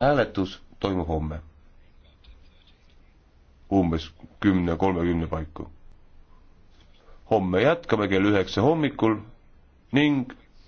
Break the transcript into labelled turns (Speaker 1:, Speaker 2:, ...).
Speaker 1: hääletus toimub homme. umbes kümne, kolmekümne paiku. homme jätkame kell üheksa hommikul
Speaker 2: ning